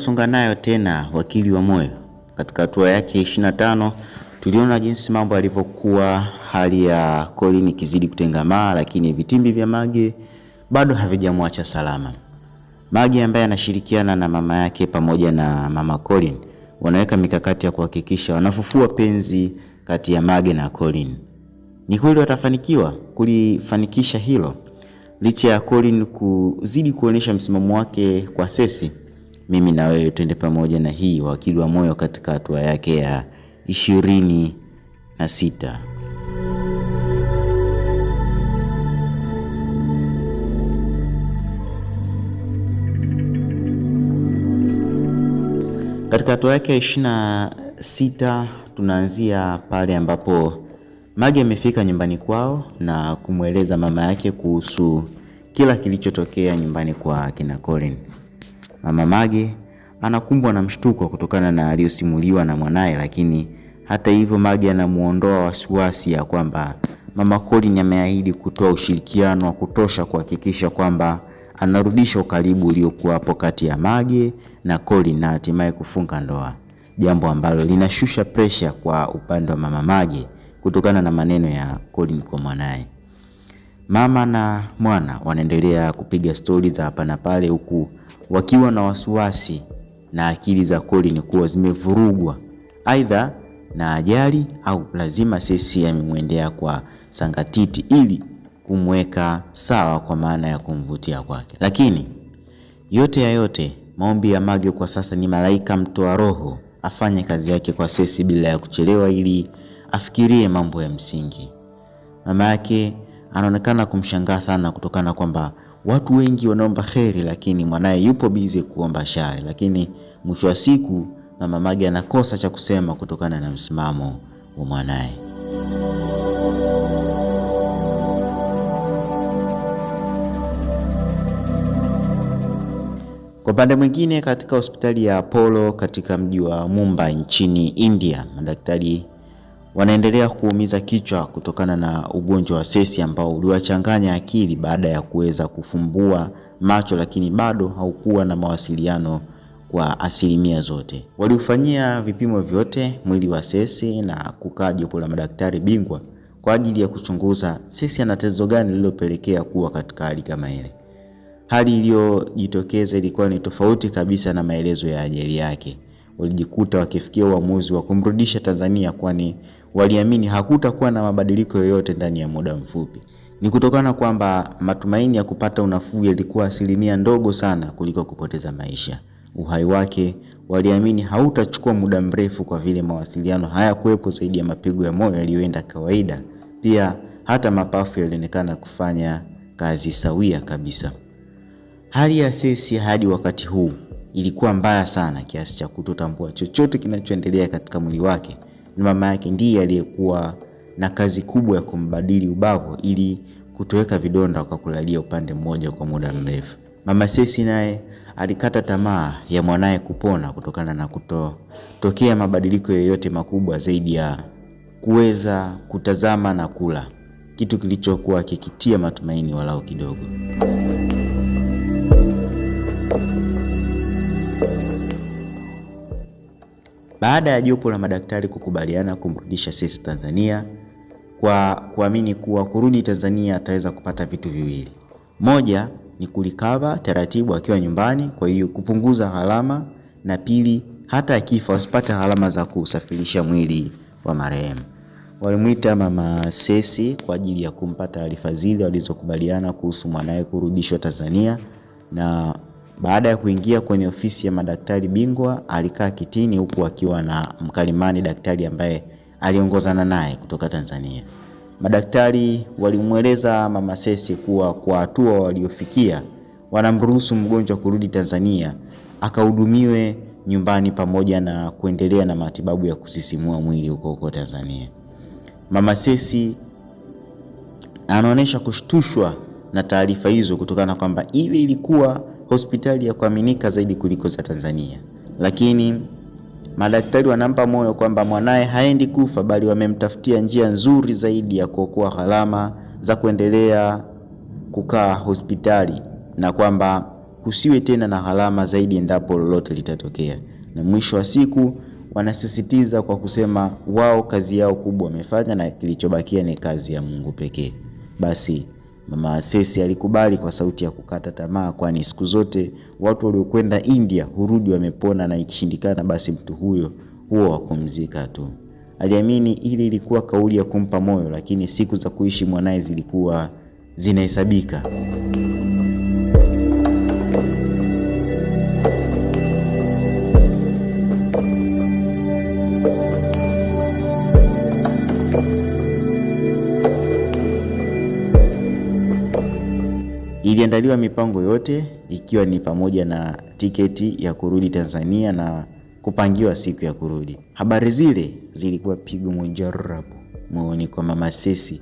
tunasonga nayo tena wakili wa moyo katika hatua yake 25 tuliona jinsi mambo yalivyokuwa, hali ya Colin ikizidi kutengamaa, lakini vitimbi vya Mage bado havijamwacha salama. Mage ambaye anashirikiana na mama yake pamoja na mama Colin wanaweka mikakati ya kuhakikisha wanafufua penzi kati ya Mage na Colin. Ni kweli watafanikiwa kulifanikisha hilo licha ya Colin kuzidi kuonyesha msimamo wake kwa Cecy mimi na wewe twende pamoja na hii Wakili wa Moyo katika hatua yake ya ishirini na sita. Katika hatua yake ya ishirini na sita tunaanzia pale ambapo magi amefika nyumbani kwao na kumweleza mama yake kuhusu kila kilichotokea nyumbani kwa kina Colin. Mama Mage anakumbwa na mshtuko kutokana na aliyosimuliwa na mwanaye, lakini hata hivyo Mage anamuondoa wasiwasi ya kwamba Mama Colin ameahidi kutoa ushirikiano wa kutosha kuhakikisha kwamba anarudisha ukaribu uliokuwapo kati ya Mage na Colin na hatimaye kufunga ndoa, jambo ambalo linashusha presha kwa upande wa Mama Mage kutokana na maneno ya Colin kwa mwanaye. Mama na mwana wanaendelea kupiga stori za hapa na pale, huku wakiwa na wasiwasi na akili za koli ni kuwa zimevurugwa aidha na ajali au lazima sesi amemwendea kwa sangatiti ili kumweka sawa kwa maana ya kumvutia kwake. Lakini yote ya yote, maombi ya mage kwa sasa ni malaika mtoa roho afanye kazi yake kwa sesi bila ya kuchelewa, ili afikirie mambo ya msingi. Mama yake anaonekana kumshangaa sana kutokana kwamba watu wengi wanaomba kheri, lakini mwanaye yupo bize kuomba shari, lakini mwisho wa siku mama Mage anakosa cha kusema kutokana na msimamo wa mwanaye. Kwa upande mwingine, katika hospitali ya Apollo katika mji wa Mumbai nchini India, madaktari wanaendelea kuumiza kichwa kutokana na ugonjwa wa sesi ambao uliwachanganya akili baada ya kuweza kufumbua macho, lakini bado haukuwa na mawasiliano kwa asilimia zote. Waliufanyia vipimo vyote mwili wa sesi na kukaa jopo la madaktari bingwa kwa ajili ya kuchunguza sesi ana tatizo gani lililopelekea kuwa katika hali kama ile. Hali iliyojitokeza ilikuwa ni tofauti kabisa na maelezo ya ajali yake. Walijikuta wakifikia uamuzi wa kumrudisha Tanzania kwani waliamini hakutakuwa na mabadiliko yoyote ndani ya muda mfupi. Ni kutokana kwamba matumaini ya kupata unafuu yalikuwa asilimia ndogo sana kuliko kupoteza maisha. Uhai wake waliamini hautachukua muda mrefu kwa vile mawasiliano hayakuwepo zaidi ya mapigo ya moyo yaliyoenda kawaida. Pia hata mapafu yalionekana kufanya kazi sawia kabisa. Hali ya Cecy hadi wakati huu ilikuwa mbaya sana kiasi cha kutotambua chochote kinachoendelea katika mwili wake na mama yake ndiye aliyekuwa na kazi kubwa ya kumbadili ubavu ili kutoweka vidonda kwa kulalia upande mmoja kwa muda mrefu. Mama Sesi naye alikata tamaa ya mwanaye kupona kutokana na kutotokea mabadiliko yoyote makubwa zaidi ya kuweza kutazama na kula, kitu kilichokuwa kikitia matumaini walao kidogo. baada ya jopo la madaktari kukubaliana kumrudisha Cecy Tanzania kwa kuamini kuwa kurudi Tanzania ataweza kupata vitu viwili. Moja ni kulikava taratibu akiwa nyumbani, kwa hiyo kupunguza gharama, na pili, hata akifa wasipate gharama za kusafirisha mwili wa marehemu. Walimwita mama Cecy kwa ajili ya kumpa taarifa zile walizokubaliana kuhusu mwanaye kurudishwa Tanzania na baada ya kuingia kwenye ofisi ya madaktari bingwa, alikaa kitini huku akiwa na mkalimani daktari ambaye aliongozana naye kutoka Tanzania. Madaktari walimweleza Mama Sese kuwa kwa hatua waliofikia wanamruhusu mgonjwa kurudi Tanzania akahudumiwe nyumbani pamoja na kuendelea na matibabu ya kusisimua mwili huko huko Tanzania. Mama Sesi anaonyesha kushtushwa na taarifa hizo kutokana kwamba ile ilikuwa hospitali ya kuaminika zaidi kuliko za Tanzania, lakini madaktari wanampa moyo kwamba mwanaye haendi kufa, bali wamemtafutia njia nzuri zaidi ya kuokoa gharama za kuendelea kukaa hospitali na kwamba kusiwe tena na gharama zaidi endapo lolote litatokea. Na mwisho wa siku wanasisitiza kwa kusema wao kazi yao kubwa wamefanya na kilichobakia ni kazi ya Mungu pekee. Basi Mama Asesi alikubali kwa sauti ya kukata tamaa, kwani siku zote watu waliokwenda India hurudi wamepona, na ikishindikana basi mtu huyo huo wakumzika tu. Aliamini ili ilikuwa kauli ya kumpa moyo, lakini siku za kuishi mwanaye zilikuwa zinahesabika. Iliandaliwa mipango yote ikiwa ni pamoja na tiketi ya kurudi Tanzania na kupangiwa siku ya kurudi. Habari zile zilikuwa pigo mujarabu moyoni kwa mama Sesi.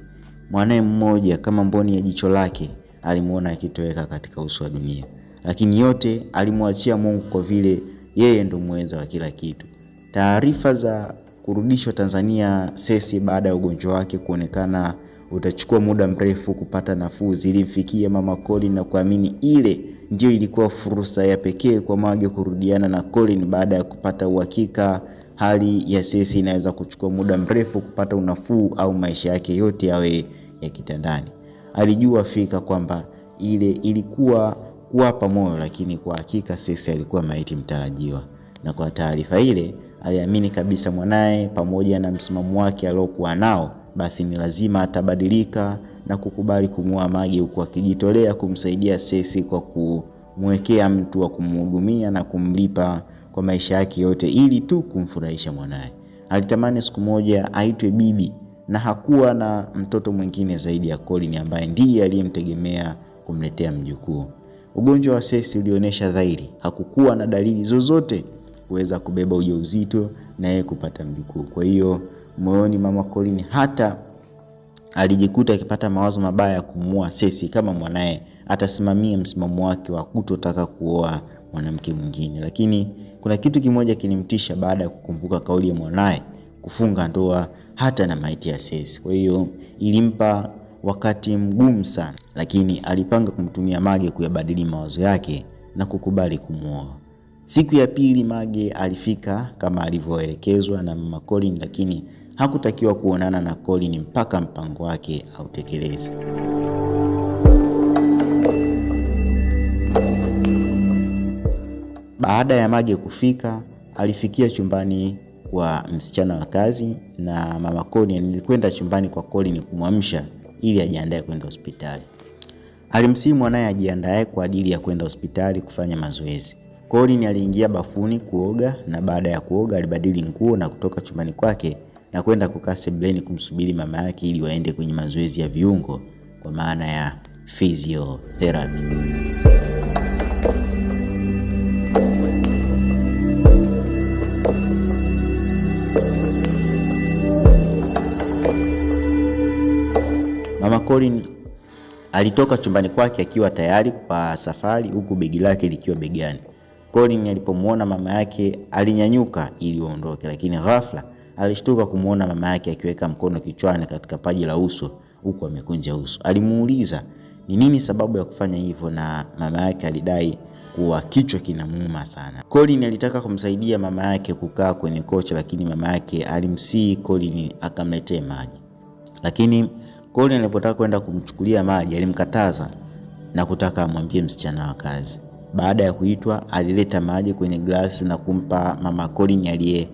Mwanaye mmoja kama mboni ya jicho lake alimuona akitoweka katika uso wa dunia, lakini yote alimwachia Mungu kwa vile yeye ndo mwenza wa kila kitu. Taarifa za kurudishwa Tanzania Sesi baada ya ugonjwa wake kuonekana utachukua muda mrefu kupata nafuu. Zilimfikia mama Colin na kuamini ile ndio ilikuwa fursa ya pekee kwa Mage kurudiana na Colin baada ya kupata uhakika hali ya Cecy inaweza kuchukua muda mrefu kupata unafuu au maisha yake yote yawe ya kitandani. Alijua fika kwamba ile ilikuwa kuwapa moyo, lakini kwa hakika Cecy alikuwa maiti mtarajiwa, na kwa taarifa ile aliamini kabisa mwanaye pamoja na msimamo wake aliokuwa nao basi ni lazima atabadilika na kukubali kumua maji huku akijitolea kumsaidia Cecy kwa kumwekea mtu wa kumhudumia na kumlipa kwa maisha yake yote ili tu kumfurahisha mwanaye. Alitamani siku moja aitwe bibi na hakuwa na mtoto mwingine zaidi ya Colin ambaye ndiye aliyemtegemea kumletea mjukuu. Ugonjwa wa Cecy ulionyesha dhahiri, hakukuwa na dalili zozote kuweza kubeba ujauzito na yeye kupata mjukuu. Kwa hiyo moyoni mama Colin hata alijikuta akipata mawazo mabaya ya kumua Sesi kama mwanaye atasimamia msimamo wake wa kutotaka kuoa mwanamke mwingine. Lakini kuna kitu kimoja kilimtisha baada ya kukumbuka kauli ya mwanaye kufunga ndoa hata na maiti ya Sesi. Kwa hiyo ilimpa wakati mgumu sana, lakini alipanga kumtumia Mage kuyabadili mawazo yake na kukubali kumuoa Siku ya pili Mage alifika kama alivyoelekezwa na mama Colin, lakini hakutakiwa kuonana na Colin mpaka mpango wake autekeleze. Baada ya Mage kufika, alifikia chumbani kwa msichana wa kazi na mama Colin alikwenda chumbani kwa Colin kumwamsha ili ajiandae kwenda hospitali. Alimsihi mwanaye ajiandae kwa ajili ya kwenda hospitali kufanya mazoezi. Colin aliingia bafuni kuoga na baada ya kuoga alibadili nguo na kutoka chumbani kwake na kwenda kukaa sebleni kumsubiri mama yake ili waende kwenye mazoezi ya viungo kwa maana ya physiotherapy. Mama Colin alitoka chumbani kwake akiwa tayari kwa safari huku begi lake likiwa begani. Colin alipomwona mama yake alinyanyuka ili waondoke, lakini ghafla Alishtuka kumwona mama yake akiweka mkono kichwani katika paji la uso huku amekunja uso. Alimuuliza ni nini sababu ya kufanya hivyo, na mama yake alidai kuwa kichwa kinamuuma sana. Colin alitaka kumsaidia mama yake kukaa kwenye kocha lakini mama yake alimsihi Colin akamletee maji, lakini Colin alipotaka kwenda kumchukulia maji alimkataza na kutaka amwambie msichana wa kazi. Baada ya kuitwa, alileta maji kwenye glasi na kumpa mama Colin aliye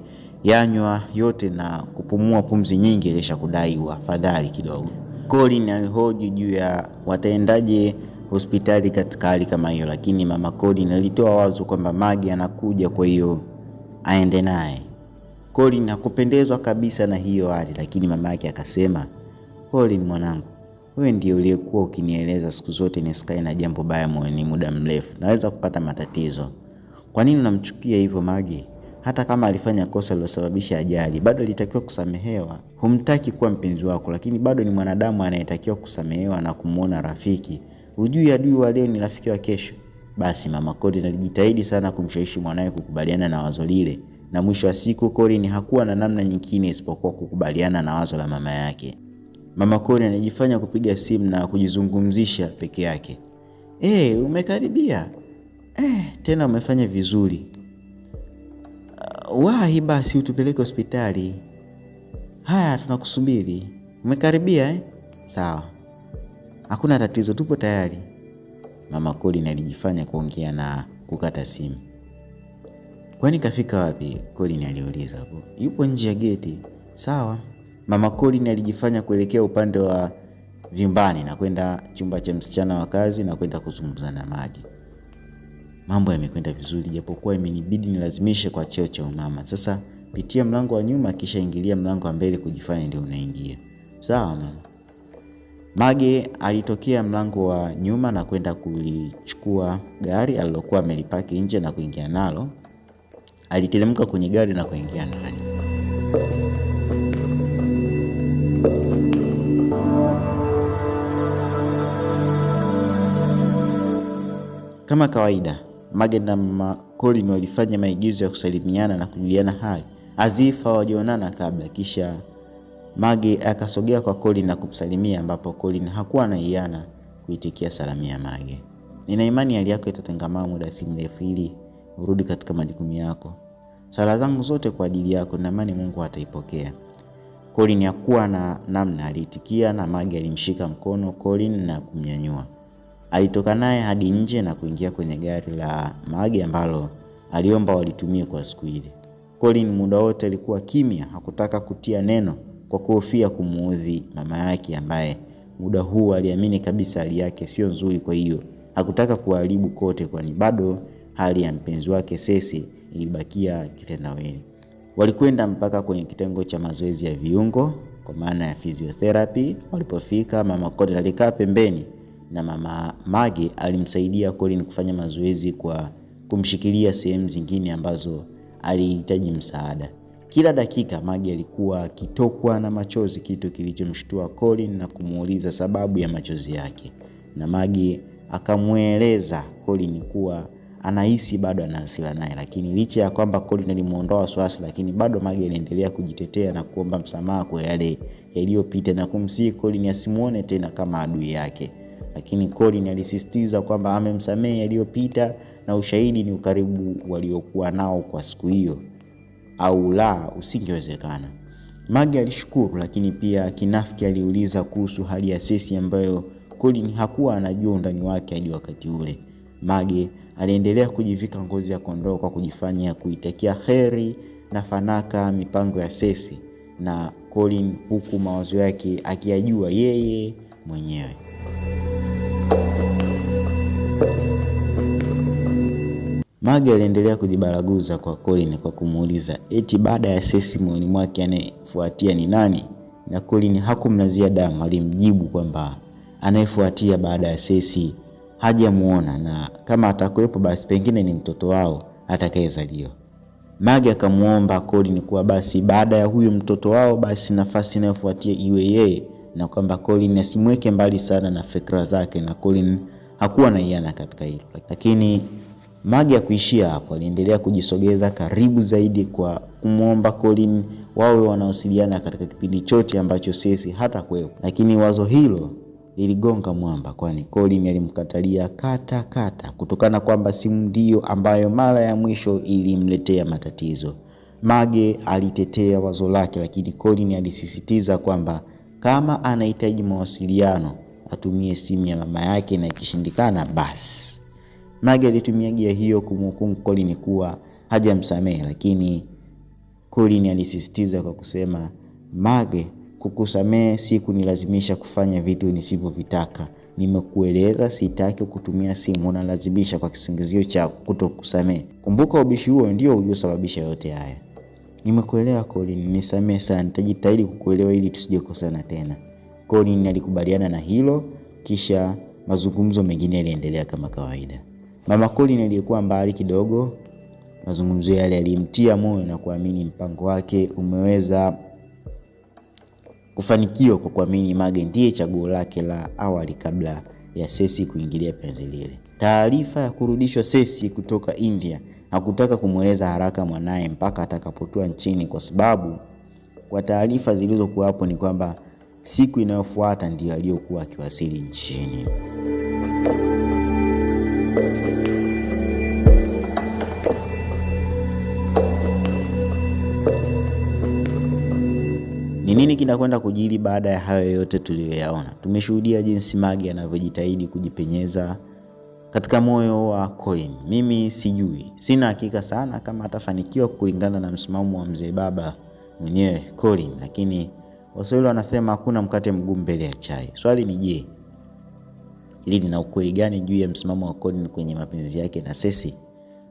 yanywa yote na kupumua pumzi nyingi ilisha kudaiwa, fadhali kidogo. Colin alihoji juu ya wataendaje hospitali katika hali kama hiyo, lakini mama Colin alitoa wazo kwamba Magi anakuja, kwa hiyo aende naye. Colin hakupendezwa kabisa na hiyo hali, lakini mama yake akasema, Colin mwanangu, wewe ndio uliyekuwa ukinieleza siku zote nisikae na jambo baya moyoni muda mrefu, naweza kupata matatizo. Kwa nini unamchukia hivyo Magi? hata kama alifanya kosa lilosababisha ajali, bado alitakiwa kusamehewa. Humtaki kuwa mpenzi wako, lakini bado ni mwanadamu anayetakiwa kusamehewa na kumwona rafiki. Hujui adui wa leo ni rafiki wa kesho. Basi mama Colin alijitahidi sana kumshawishi mwanawe kukubaliana na wazo lile, na mwisho wa siku Colin hakuwa na namna nyingine isipokuwa kukubaliana na wazo la mama yake. Mama Colin anajifanya kupiga simu na kujizungumzisha peke yake. Eh, umekaribia. Eh, tena umefanya vizuri wahi basi utupeleke hospitali. Haya, tunakusubiri. Umekaribia eh? Sawa, hakuna tatizo, tupo tayari. Mama Colin alijifanya kuongea na kukata simu. Kwani kafika wapi? Colin aliuliza. Hapo yupo nje ya geti. Sawa. Mama Colin alijifanya kuelekea upande wa vyumbani na kwenda chumba cha msichana wa kazi na kwenda kuzungumza na maji Mambo yamekwenda vizuri japokuwa imenibidi nilazimishe kwa cheo cha umama. Sasa pitia mlango wa nyuma kisha ingilia mlango wa mbele kujifanya ndio unaingia. Sawa mama. Mage alitokea mlango wa nyuma na kwenda kulichukua gari alilokuwa amelipaki nje na kuingia nalo. Aliteremka kwenye gari na kuingia ndani. Kama kawaida magenda na Colin walifanya maigizo ya kusalimiana na kujuliana hali. Azifa wajionana kabla, kisha Maggie akasogea kwa Colin na kumsalimia, ambapo Colin hakuwa anaiana kuitikia salamu ya Maggie. Nina imani hali yako itatengamaa muda si mrefu ili urudi katika majukumu yako. Sala zangu zote kwa ajili yako, naamini Mungu ataipokea. Colin hakuwa na namna, aliitikia na Maggie alimshika mkono Colin na kumnyanyua. Alitoka naye hadi nje na kuingia kwenye gari la magi ambalo aliomba walitumie kwa siku ile. Colin muda wote alikuwa kimya, hakutaka kutia neno kwa kuhofia kumuudhi mama yake ambaye muda huu aliamini kabisa hali yake sio nzuri, kwa hiyo hakutaka kuharibu kote, kwani bado hali ya mpenzi wake Sesi ilibakia kitendawili. Walikwenda mpaka kwenye kitengo cha mazoezi ya viungo kwa maana ya physiotherapy. Walipofika, mama Colin alikaa pembeni na mama Mage alimsaidia Colin kufanya mazoezi kwa kumshikilia sehemu zingine ambazo alihitaji msaada. Kila dakika Mage alikuwa akitokwa na machozi, kitu kilichomshtua Colin na kumuuliza sababu ya machozi yake, na Mage akamweleza Colin kuwa anahisi bado ana hasira naye, lakini licha ya kwamba Colin alimuondoa wasiwasi, lakini bado Mage aliendelea kujitetea na kuomba msamaha kwa yale yaliyopita na kumsihi Colin asimuone tena kama adui yake lakini Colin alisisitiza kwamba amemsamehe yaliyopita na ushahidi ni ukaribu waliokuwa nao kwa siku hiyo, au la usingewezekana. Mage alishukuru, lakini pia kinafiki aliuliza kuhusu hali ya Cecy ambayo Colin hakuwa anajua undani wake hadi wakati ule. Mage aliendelea kujivika ngozi ya kondoo kwa kujifanya kuitakia heri na fanaka mipango ya Cecy na Colin, huku mawazo yake akiyajua yeye mwenyewe. magi aliendelea kujibaraguza kwa Colin kwa kumuuliza eti baada ya Cecy moyoni mwake anayefuatia ni nani, na Colin hakumnazia damu, alimjibu kwamba anayefuatia baada ya sesi hajamuona na kama atakuwepo basi pengine ni mtoto wao atakayezaliwa. Magi akamuomba Colin kuwa basi baada ya huyu mtoto wao basi nafasi inayofuatia iwe yeye, na kwamba Colin asimweke mbali sana na fikra zake, na Colin hakuwa na iana katika hilo lakini Mage kuishia hapo, aliendelea kujisogeza karibu zaidi kwa kumwomba Colin wawe wanawasiliana katika kipindi chote ambacho hata hatakuwepo, lakini wazo hilo liligonga mwamba, kwani Colin alimkatalia kata kata kutokana kwamba simu ndiyo ambayo mara ya mwisho ilimletea matatizo. Mage alitetea wazo lake, lakini Colin alisisitiza kwamba kama anahitaji mawasiliano atumie simu ya mama yake na ikishindikana basi Magi alitumia gia hiyo kumhukumu Colin kuwa hajamsamehe, lakini Colin alisisitiza kwa kusema, Mage, kukusamehe si kunilazimisha kufanya vitu nisivyovitaka. Nimekueleza sitaki kutumia simu, unalazimisha kwa kisingizio cha kutokusamehe. Kumbuka ubishi huo ndio uliosababisha yote haya. Nimekuelewa Colin, nisamehe sana, nitajitahidi kukuelewa ili tusijekosana tena. Colin alikubaliana na hilo, kisha mazungumzo mengine yaliendelea kama kawaida. Mama Colin aliyekuwa mbali kidogo, mazungumzo yale yalimtia moyo na kuamini mpango wake umeweza kufanikiwa kwa kuamini Mage ndiye chaguo lake la awali kabla ya Cecy kuingilia penzi lile. Taarifa ya kurudishwa Cecy kutoka India hakutaka kumweleza haraka mwanaye mpaka atakapotua nchini, kwa sababu kwa taarifa zilizokuwapo ni kwamba siku inayofuata ndiyo aliyokuwa akiwasili nchini. Ni nini kinakwenda kujiri baada ya hayo yote tuliyoyaona? Tumeshuhudia jinsi Mage anavyojitahidi kujipenyeza katika moyo wa Coin. Mimi sijui, sina hakika sana kama atafanikiwa kulingana na msimamo wa mzee baba mwenyewe Colin, lakini Waswahili wanasema hakuna mkate mgumu mbele ya chai. Swali ni je, ili nina ukweli gani juu ya msimamo wa Colin kwenye mapenzi yake na Cecy.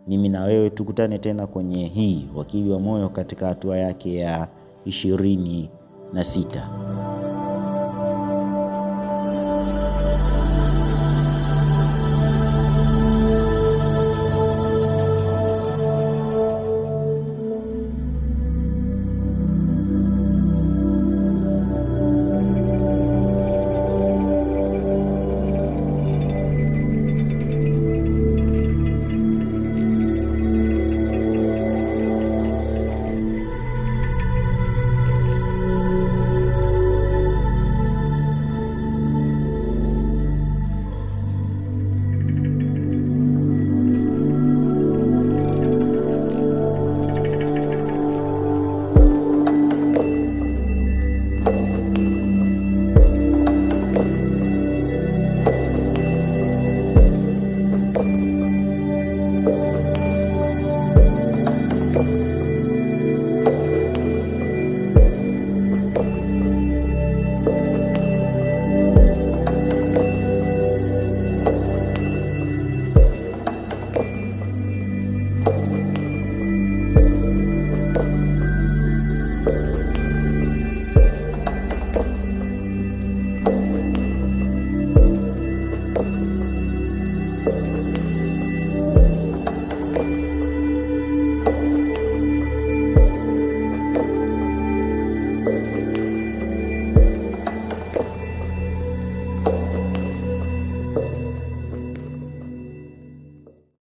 Mimi na wewe tukutane tena kwenye hii Wakili wa Moyo katika hatua yake ya ishirini na sita.